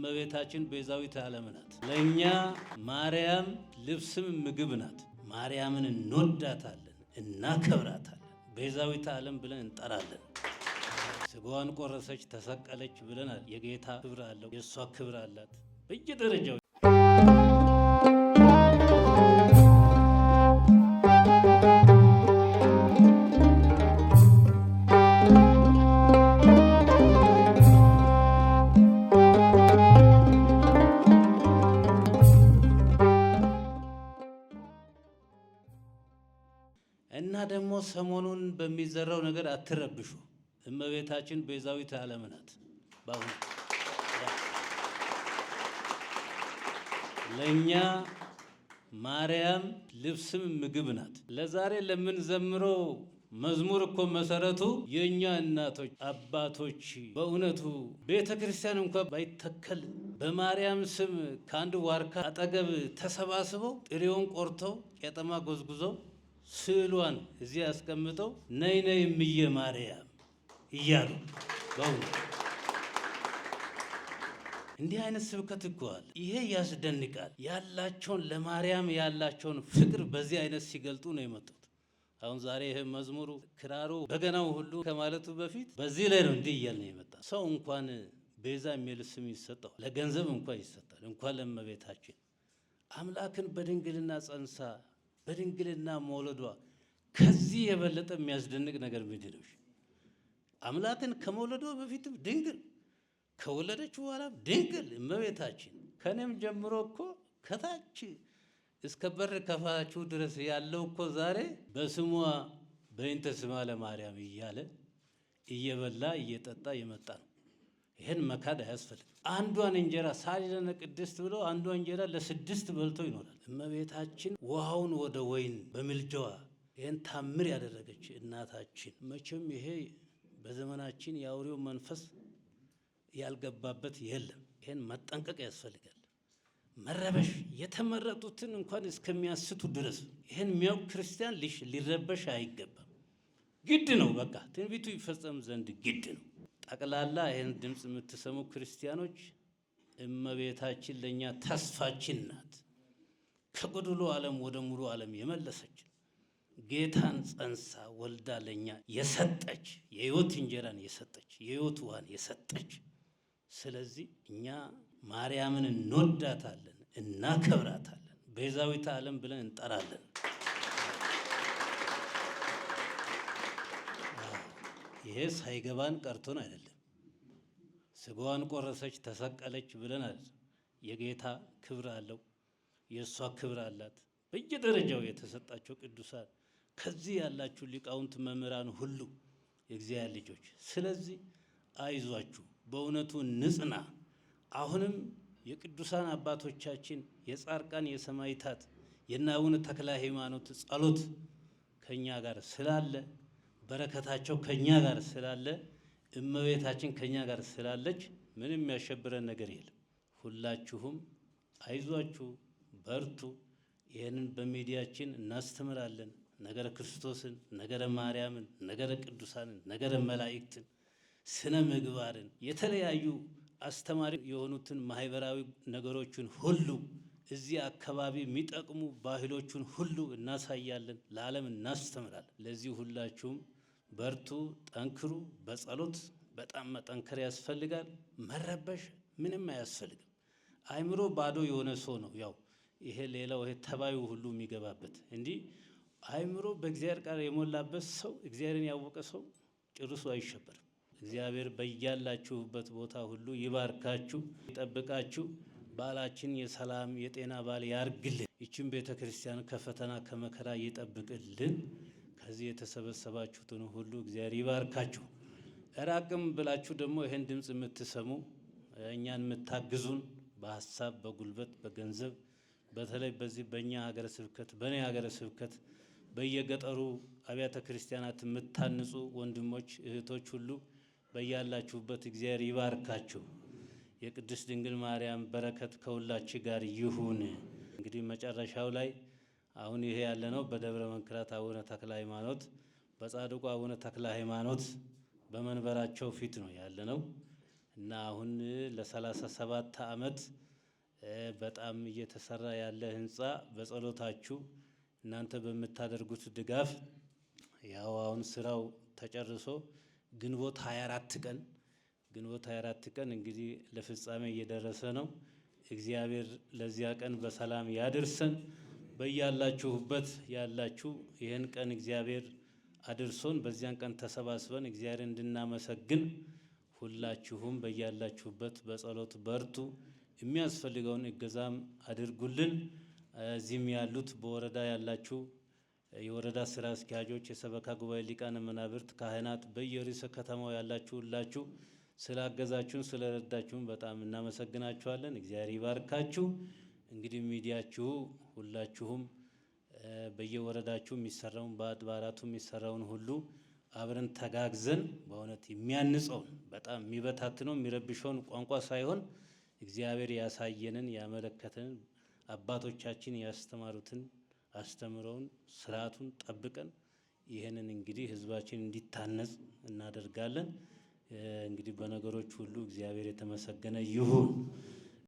እመቤታችን ቤዛዊት ዓለም ናት። ለእኛ ማርያም ልብስም ምግብ ናት። ማርያምን እንወዳታለን፣ እናከብራታለን፣ ቤዛዊት ዓለም ብለን እንጠራለን። ስጋዋን ቆረሰች፣ ተሰቀለች ብለናል። የጌታ ክብር አለው፣ የእሷ ክብር አላት በየደረጃው እና ደግሞ ሰሞኑን በሚዘራው ነገር አትረብሹ። እመቤታችን ቤዛዊት ዓለም ናት። በአሁኑ ለእኛ ማርያም ልብስም ምግብ ናት። ለዛሬ ለምንዘምረው መዝሙር እኮ መሰረቱ የእኛ እናቶች አባቶች፣ በእውነቱ ቤተ ክርስቲያን እንኳ ባይተከል በማርያም ስም ከአንድ ዋርካ አጠገብ ተሰባስበው ጥሬውን ቆርተው ቄጠማ ጎዝጉዘው ስዕሏን እዚህ አስቀምጠው ነይ ነይ እምዬ ማርያም እያሉ በእውነ እንዲህ አይነት ስብከት እኮ አለ። ይሄ ያስደንቃል። ያላቸውን ለማርያም ያላቸውን ፍቅር በዚህ አይነት ሲገልጡ ነው የመጡት። አሁን ዛሬ ይህ መዝሙሩ፣ ክራሩ፣ በገናው ሁሉ ከማለቱ በፊት በዚህ ላይ ነው እንዲህ እያልን የመጣ ሰው እንኳን ቤዛ የሚል ስም ይሰጠዋል። ለገንዘብ እንኳን ይሰጣል፣ እንኳን ለመቤታችን አምላክን በድንግልና ጸንሳ በድንግልና መውለዷ ከዚህ የበለጠ የሚያስደንቅ ነገር ምንድን ነው? አምላክን ከመውለዷ በፊትም ድንግል፣ ከወለደች በኋላም ድንግል እመቤታችን። ከኔም ጀምሮ እኮ ከታች እስከ በር ከፋችሁ ድረስ ያለው እኮ ዛሬ በስሟ በእንተ ስማ ለማርያም እያለ እየበላ እየጠጣ የመጣ ነው። ይህን መካድ አያስፈልግ አንዷን እንጀራ ሳሊለነ ቅድስት ብሎ አንዷ እንጀራ ለስድስት በልቶ ይኖራል። እመቤታችን ውሃውን ወደ ወይን በምልጃዋ ይህን ታምር ያደረገች እናታችን መቼም ይሄ በዘመናችን የአውሬው መንፈስ ያልገባበት የለም። ይህን መጠንቀቅ ያስፈልጋል። መረበሽ የተመረጡትን እንኳን እስከሚያስቱ ድረስ ይህን የሚያውቅ ክርስቲያን ሊረበሽ አይገባም። ግድ ነው። በቃ ትንቢቱ ይፈጸም ዘንድ ግድ ነው። ጠቅላላ ይህን ድምፅ የምትሰሙ ክርስቲያኖች እመቤታችን ለእኛ ተስፋችን ናት። ከጎድሎ ዓለም ወደ ሙሉ ዓለም የመለሰችን ጌታን ጸንሳ ወልዳ ለእኛ የሰጠች የህይወት እንጀራን የሰጠች የህይወት ውሃን የሰጠች። ስለዚህ እኛ ማርያምን እንወዳታለን፣ እናከብራታለን፣ ቤዛዊት ዓለም ብለን እንጠራለን። ይሄ ሳይገባን ቀርቶን አይደለም። ስጋዋን ቆረሰች፣ ተሰቀለች ብለን አይደለም። የጌታ ክብር አለው፣ የእሷ ክብር አላት። በየደረጃው የተሰጣቸው ቅዱሳን ከዚህ ያላችሁ ሊቃውንት መምህራን ሁሉ የእግዚአብሔር ልጆች፣ ስለዚህ አይዟችሁ፣ በእውነቱ ንጽና። አሁንም የቅዱሳን አባቶቻችን የጻርቃን የሰማይታት የእነ አቡነ ተክለ ሃይማኖት ጸሎት ከእኛ ጋር ስላለ በረከታቸው ከኛ ጋር ስላለ እመቤታችን ከኛ ጋር ስላለች ምንም የሚያሸብረን ነገር የለም። ሁላችሁም አይዟችሁ፣ በርቱ። ይህንን በሚዲያችን እናስተምራለን። ነገረ ክርስቶስን፣ ነገረ ማርያምን፣ ነገረ ቅዱሳንን፣ ነገረ መላእክትን፣ ስነ ምግባርን የተለያዩ አስተማሪ የሆኑትን ማህበራዊ ነገሮችን ሁሉ እዚህ አካባቢ የሚጠቅሙ ባህሎቹን ሁሉ እናሳያለን፣ ለዓለም እናስተምራለን። ለዚህ ሁላችሁም በርቱ፣ ጠንክሩ። በጸሎት በጣም መጠንከር ያስፈልጋል። መረበሽ ምንም አያስፈልግም። አይምሮ ባዶ የሆነ ሰው ነው ያው ይሄ ሌላው ይሄ ተባዩ ሁሉ የሚገባበት እንዲህ አይምሮ በእግዚአብሔር ቃል የሞላበት ሰው እግዚአብሔርን ያወቀ ሰው ጭርሱ አይሸበርም። እግዚአብሔር በያላችሁበት ቦታ ሁሉ ይባርካችሁ፣ ይጠብቃችሁ። ባላችን የሰላም የጤና ባል ያርግልን። ይችን ቤተ ክርስቲያን ከፈተና ከመከራ ይጠብቅልን። ከዚህ የተሰበሰባችሁትን ሁሉ እግዚአብሔር ይባርካችሁ። ራቅም ብላችሁ ደግሞ ይህን ድምፅ የምትሰሙ እኛን የምታግዙን በሀሳብ በጉልበት በገንዘብ በተለይ በዚህ በእኛ ሀገረ ስብከት በእኔ ሀገረ ስብከት በየገጠሩ አብያተ ክርስቲያናት የምታንጹ ወንድሞች እህቶች ሁሉ በያላችሁበት እግዚአብሔር ይባርካችሁ። የቅድስት ድንግል ማርያም በረከት ከሁላችሁ ጋር ይሁን። እንግዲህ መጨረሻው ላይ አሁን ይሄ ያለነው በደብረ መንክራት አቡነ ተክለ ሃይማኖት በጻድቁ አቡነ ተክለ ሃይማኖት በመንበራቸው ፊት ነው ያለነው እና አሁን ለሰላሳ ሰባት አመት በጣም እየተሰራ ያለ ህንፃ በጸሎታችሁ እናንተ በምታደርጉት ድጋፍ ያው አሁን ስራው ተጨርሶ ግንቦት 24 ቀን ግንቦት 24 ቀን እንግዲህ ለፍጻሜ እየደረሰ ነው። እግዚአብሔር ለዚያ ቀን በሰላም ያደርሰን። በያላችሁበት ያላችሁ ይህን ቀን እግዚአብሔር አድርሶን በዚያን ቀን ተሰባስበን እግዚአብሔር እንድናመሰግን ሁላችሁም በያላችሁበት በጸሎት በርቱ፣ የሚያስፈልገውን እገዛም አድርጉልን። እዚህም ያሉት በወረዳ ያላችሁ የወረዳ ስራ አስኪያጆች፣ የሰበካ ጉባኤ ሊቃነ መናብርት፣ ካህናት፣ በየርዕሰ ከተማው ያላችሁ ሁላችሁ ስላገዛችሁን ስለረዳችሁን በጣም እናመሰግናችኋለን። እግዚአብሔር ይባርካችሁ። እንግዲህ ሚዲያችሁ ሁላችሁም በየወረዳችሁ የሚሰራውን በአድባራቱ የሚሰራውን ሁሉ አብረን ተጋግዘን በእውነት የሚያንጸውን በጣም የሚበታትነው የሚረብሸውን ቋንቋ ሳይሆን እግዚአብሔር ያሳየንን ያመለከተንን አባቶቻችን ያስተማሩትን አስተምረውን ስርዓቱን ጠብቀን ይህንን እንግዲህ ህዝባችን እንዲታነጽ እናደርጋለን። እንግዲህ በነገሮች ሁሉ እግዚአብሔር የተመሰገነ ይሁን።